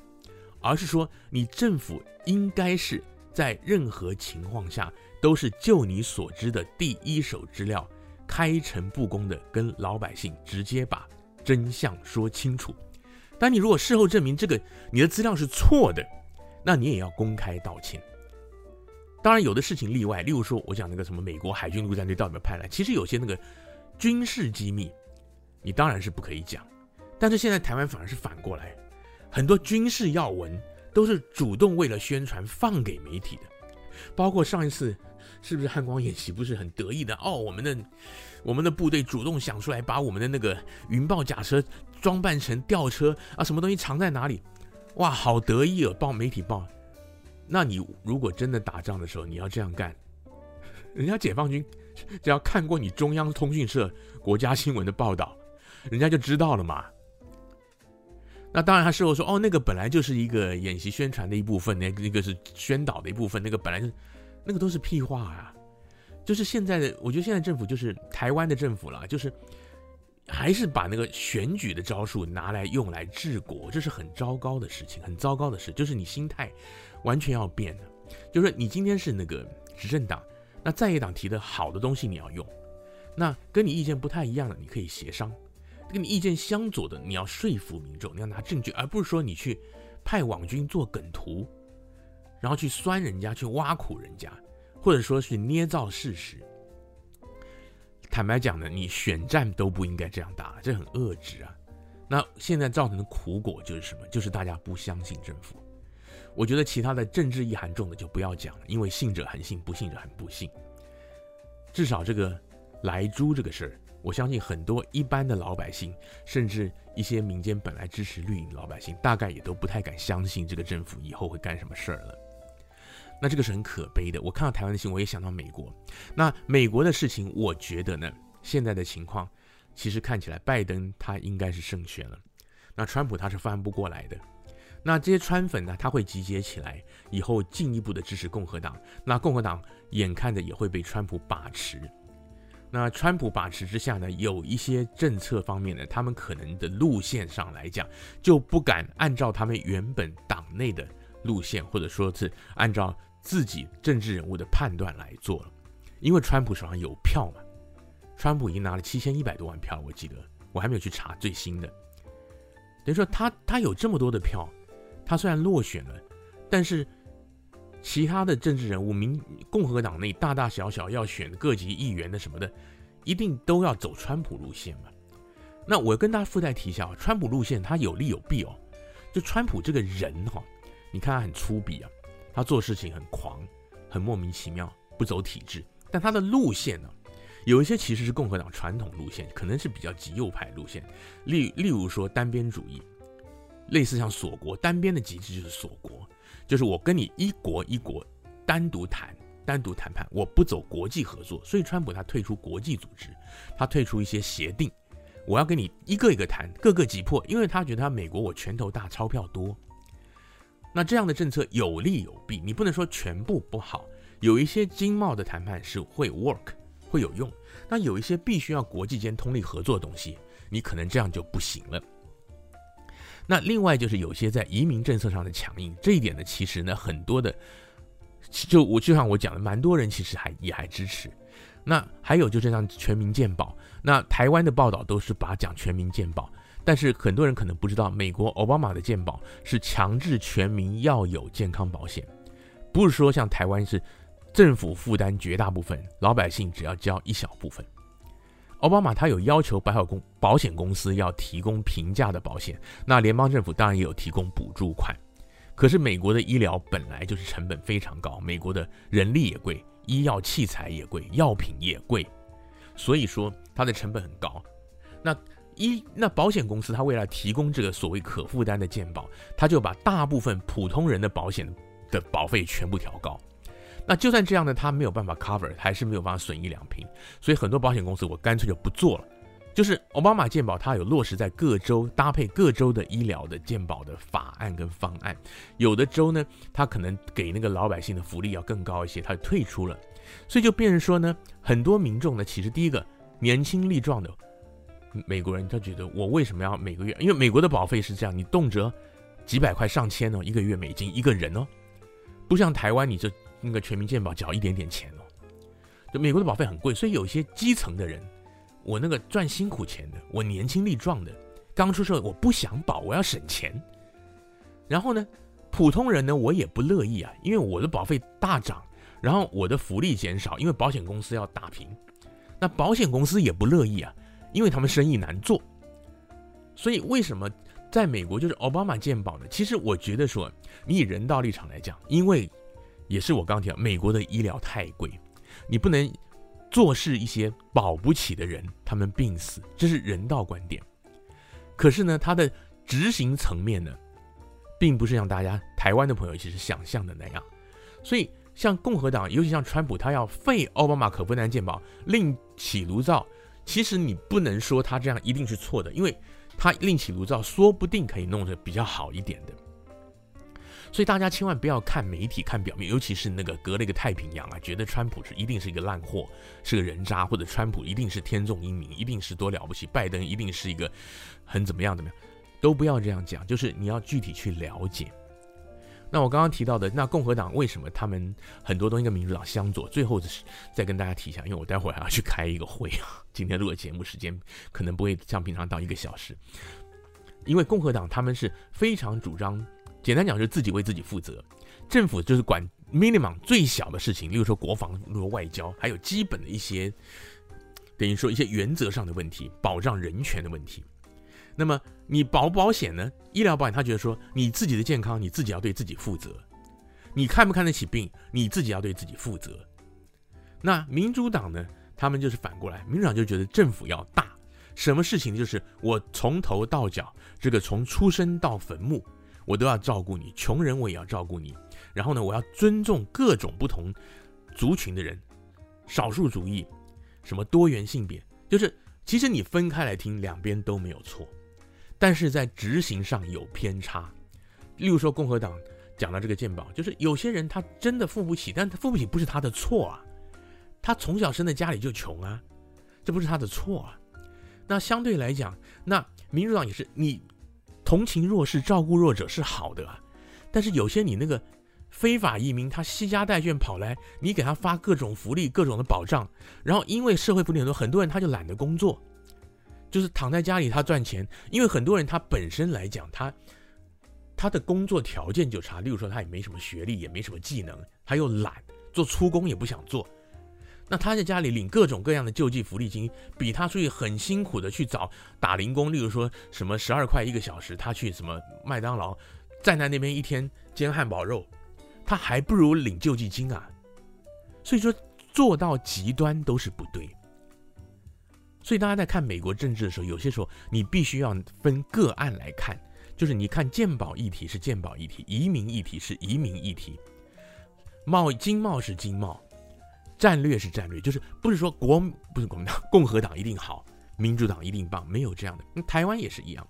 而是說你政府應該是在任何情況下都是就你所知的第一手資料。開誠布公的跟老百姓直接把真相說清楚。但你如果事後證明這個你的資料是錯的，那你也要公開道歉。當然，有的事情例外，例如說我講那個什麼美國海軍陸戰隊到底派來，其實有些那個軍事機密，你當然是不可以講。但是現在台灣反而是反過來，很多軍事要聞都是主動為了宣傳放給媒體的，包括上一次。是不是漢光演習不是很得意的哦？我們的我們的部隊主動想出來把我們的那個雲豹甲車裝扮成吊車啊，什麼東西藏在哪裡？哇，好得意哦！報媒體報，那你如果真的打仗的時候你要這樣幹，人家解放軍只要看過你中央通訊社、國家新聞的報道，人家就知道了嘛。那當然他時候說，他事後說哦，那個本來就是一個演習宣傳的一部分，那那個是宣導的一部分，那個本來是。那個都是屁話啊！就是現在的，我覺得現在政府就是台灣的政府了，就是還是把那個選舉的招數拿來用來治國，這是很糟糕的事情，很糟糕的事。就是你心態完全要變的，就是說你今天是那個執政黨，那在野黨提的好的東西你要用，那跟你意見不太一樣的你可以協商，跟你意見相左的你要說服民眾，你要拿證據，而不是說你去派網軍做梗圖。然後去酸人家，去挖苦人家，或者說去捏造事實。坦白講呢，你選戰都不應該這樣打，這很惡質啊。那現在造成的苦果就是什麼？就是大家不相信政府。我覺得其他的政治意涵重的就不要講了，因為信者恆信，不信者恆不信。至少這個萊豬這個事兒，我相信很多一般的老百姓，甚至一些民間本來支持綠營的老百姓，大概也都不太敢相信這個政府以後會幹什麼事兒了。那這個是很可悲的。我看到台灣的新聞，我也想到美國。那美國的事情，我覺得呢，現在的情況其實看起來，拜登他應該是勝選了。那川普他是翻不過來的。那這些川粉呢，他會集結起來，以後進一步的支持共和黨。那共和黨眼看着也會被川普把持。那川普把持之下呢，有一些政策方面呢，他們可能的路線上來講，就不敢按照他們原本黨內的路線，或者說是按照。自己政治人物的判斷來做了，因為川普手上有票嘛，川普已經拿了七千一百多萬票，我記得我還沒有去查最新的，等於說他他有這麼多的票，他雖然落選了，但是其他的政治人物，民共和黨內大大小小要選各級議員的什麼的，一定都要走川普路線嘛。那我跟大家附帶提一下啊，川普路線他有利有弊哦。就川普這個人哈啊，你看他很粗鄙啊。他做事情很狂，很莫名其妙，不走體制。但他的路線呢，有一些其實是共和黨傳統路線，可能是比較極右派路線。例例如說單邊主義，類似像鎖國，單邊的極致就是鎖國，就是我跟你一國一國單獨談，單獨談判，我不走國際合作。所以川普他退出國際組織，他退出一些協定，我要跟你一個一個談，各個擊破，因為他覺得他美國我拳頭大，鈔票多。那這樣的政策有利有弊，你不能說全部不好。有一些經貿的談判是會 work，會有用。那有一些必須要國際間通力合作的東西，你可能這樣就不行了。那另外就是有些在移民政策上的強硬，這一點呢，其實呢很多的，就我就像我講的，蠻多人其實還也還支持。那還有就這張全民健保，那台灣的報道都是把講全民健保。但是很多人可能不知道，美國奧巴馬的健保是強制全民要有健康保險，不是說像台灣是政府負擔絕大部分，老百姓只要交一小部分。奧巴馬他有要求保險公保險公司要提供平價的保險，那聯邦政府當然也有提供補助款。可是美國的醫療本來就是成本非常高，美國的人力也貴，醫藥器材也貴，藥品也貴，所以說它的成本很高。那一那保險公司，他為了提供這個所謂可負擔的健保，他就把大部分普通人的保險的保費全部調高。那就算這樣呢，他沒有辦法 cover，還是沒有辦法損益兩平。所以很多保險公司，我乾脆就不做了。就是奧巴馬健保，他有落實在各州搭配各州的醫療的健保的法案跟方案。有的州呢，他可能給那個老百姓的福利要更高一些，他就退出了。所以就變成說呢，很多民眾呢，其實第一個年輕力壯的。美國人他覺得我為什麼要每個月？因為美國的保費是這樣，你動輒幾百塊、上千哦，一個月美金一個人哦。不像台灣，你就那個全民健保繳一點點錢哦。就美國的保費很貴，所以有些基層的人，我那個賺辛苦錢的，我年輕力壯的，剛出社會，我不想保，我要省錢。然後呢，普通人呢，我也不樂意啊，因為我的保費大漲，然後我的福利減少，因為保險公司要打平。那保險公司也不樂意啊。因為他們生意難做，所以為什麼在美國就是奧巴馬健保呢？其實我覺得說，你以人道立場來講，因為也是我剛提到，美國的醫療太貴，你不能坐視一些保不起的人，他們病死，這是人道觀點。可是呢，他的執行層面呢，並不是像大家台灣的朋友其實想象的那樣。所以像共和黨，尤其像川普，他要廢奧巴馬可負擔健保，另起爐灶。其實你不能說他這樣一定是錯的，因為他另起爐灶，說不定可以弄得比較好一點的。所以大家千萬不要看媒體看表面，尤其是那個隔了一個太平洋啊，覺得川普是一定是一個爛貨，是個人渣，或者川普一定是天縱英明，一定是多了不起，拜登一定是一個很怎麼樣怎麼樣，都不要這樣講，就是你要具體去了解。那我剛剛提到的，那共和黨為什麼他們很多東西跟民主黨相左？最後是再跟大家提一下，因為我待會還要去開一個會啊。今天錄的節目時間可能不會像平常到一個小時，因為共和黨他們是非常主張，簡單講就是自己為自己負責，政府就是管 minimum 最小的事情，例如說國防、如果外交，還有基本的一些等於說一些原則上的問題，保障人權的問題。那麼你保不保險呢？醫療保險他覺得說你自己的健康你自己要對自己負責，你看不看得起病你自己要對自己負責。那民主黨呢，他們就是反過來，民主黨就覺得政府要大，什麼事情就是我從頭到腳，這個從出生到墳墓，我都要照顧你，窮人我也要照顧你，然後呢，我要尊重各種不同族群的人，少數族裔，什麼多元性別，就是其實你分開來聽，兩邊都沒有錯。但是在執行上有偏差，例如說共和黨講到這個健保，就是有些人他真的付不起，但他付不起不是他的錯啊，他從小生在家裡就窮啊，這不是他的錯啊。那相對來講，那民主黨也是，你同情弱勢、照顧弱者是好的啊，但是有些你那個非法移民，他攜家帶眷跑來，你給他發各種福利、各種的保障，然後因為社會福利很多，很多人他就懶得工作。就是躺在家裡他賺錢，因為很多人他本身來講，他他的工作條件就差，例如說他也沒什麼學歷，也沒什麼技能，他又懶，做粗工也不想做，那他在家裡領各種各樣的救濟福利金，比他出去很辛苦的去找打零工，例如說什麼十二塊一個小時，他去什麼麥當勞站在那邊一天煎漢堡肉，他還不如領救濟金啊，所以說做到極端都是不對。所以大家在看美國政治的時候，有些時候你必須要分個案來看，就是你看健保議題是健保議題，移民議題是移民議題，貿易經貿是經貿，戰略是戰略，就是不是說國不是國民黨，共和黨一定好，民主黨一定棒，沒有這樣的。台灣也是一樣。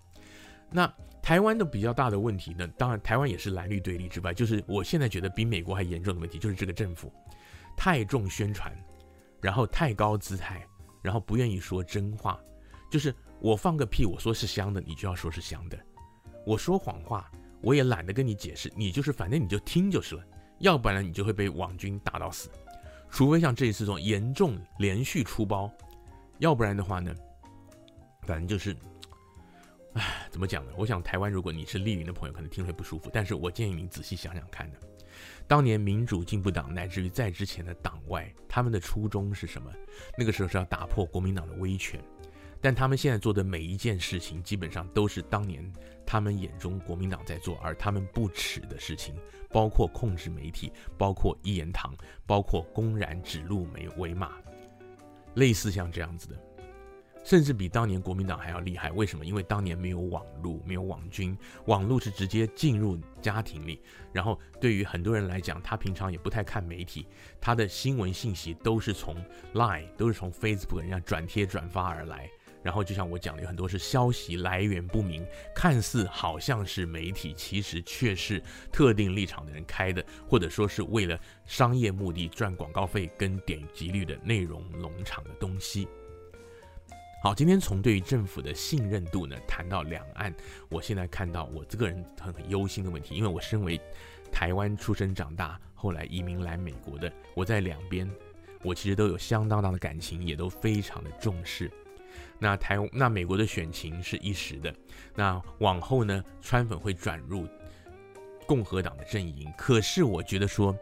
那台灣的比較大的問題呢，當然台灣也是藍綠對立之外，就是我現在覺得比美國還嚴重的問題，就是這個政府太重宣傳，然後太高姿態。然後不願意說真話，就是我放個屁，我說是香的，你就要說是香的；我說謊話，我也懶得跟你解釋，你就是反正你就聽就是了，要不然你就會被網軍打到死。除非像這一次這種嚴重連續出包，要不然的話呢，反正就是，唉，怎麼講呢？我想台灣，如果你是綠營的朋友，可能聽了不舒服，但是我建議你仔細想想看的。當年民主進步黨乃至於在之前的黨外，他們的初衷是什麼？那個時候是要打破國民黨的威權，但他們現在做的每一件事情，基本上都是當年他們眼中國民黨在做，而他們不齒的事情，包括控制媒體，包括一言堂，包括公然指鹿為為馬，類似像這樣子的。甚至比當年國民黨還要厲害，為什麼？因為當年沒有網絡，沒有網軍，網絡是直接進入家庭裡。然後對於很多人來講，他平常也不太看媒體，他的新聞信息都是從 Line，都是從 Facebook 人家轉貼轉發而來。然後就像我講的，有很多是消息來源不明，看似好像是媒體，其實卻是特定立場的人開的，或者說是為了商業目的賺廣告費跟點擊率的內容農場的東西。好，今天從對於政府的信任度呢談到兩岸，我現在看到我這個人很憂心的問題，因為我身為台灣出生長大，後來移民來美國的，我在兩邊，我其實都有相當大的感情，也都非常的重視。那台，那美國的選情是一時的，那往後呢，川粉會轉入共和黨的陣營，可是我覺得說。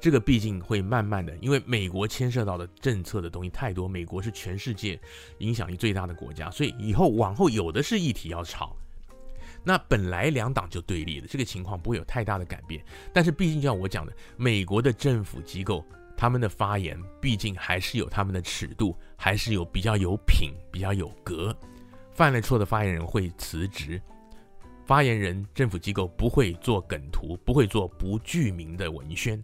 這個畢竟會慢慢的，因為美國牽涉到的政策的東西太多，美國是全世界影響力最大的國家，所以以後往後有的是議題要吵。那本來兩黨就對立的，這個情況不會有太大的改變。但是畢竟就像我講的，美國的政府機構他們的發言畢竟還是有他們的尺度，還是有比較有品、比較有格。犯了錯的發言人會辭職，發言人、政府機構不會做梗圖，不會做不具名的文宣。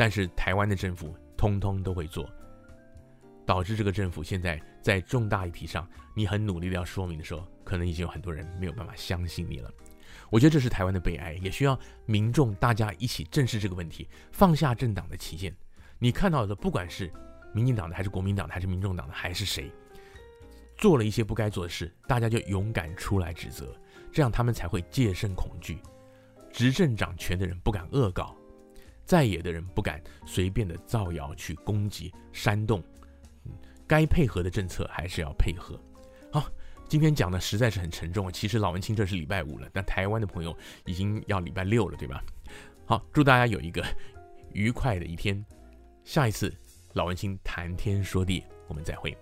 但是台灣的政府通通都會做，導致這個政府現在在重大議題上，你很努力的要說明的時候，可能已經有很多人沒有辦法相信你了。我覺得這是台灣的悲哀，也需要民眾大家一起正視這個問題，放下政黨的歧見。你看到的不管是民進黨的還是國民黨的，還是民眾黨的還是誰，做了一些不該做的事，大家就勇敢出來指責，這樣他們才會戒慎恐懼，執政掌權的人不敢惡搞。在野的人不敢隨便的造謠去攻擊、煽動。嗯，該配合的政策還是要配合。好，今天講的實在是很沉重。其實老文青這是禮拜五了，但台灣的朋友已經要禮拜六了，對吧？好，祝大家有一個愉快的一天。下一次老文青談天說地，我們再會。